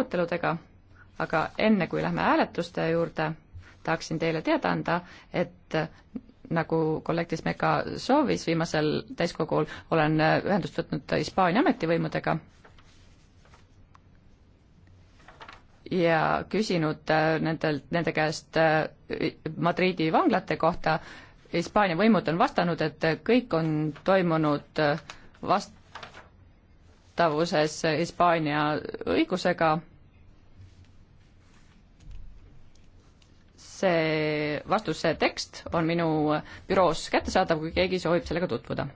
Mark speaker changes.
Speaker 1: aruteludega, aga enne, kui lähme hääletuste juurde, tahaksin teile teada anda, et nagu kolleeg Tismeka soovis viimasel täiskogul, olen ühendust võtnud Hispaania ametivõimudega ja küsinud nendelt, nende käest Madridi vanglate kohta, Hispaania võimud on vastanud, et kõik on toimunud vastavuses Hispaania õigusega vastuse tekst on minu büroos kättesaadav, kui keegi soovib sellega tutvuda.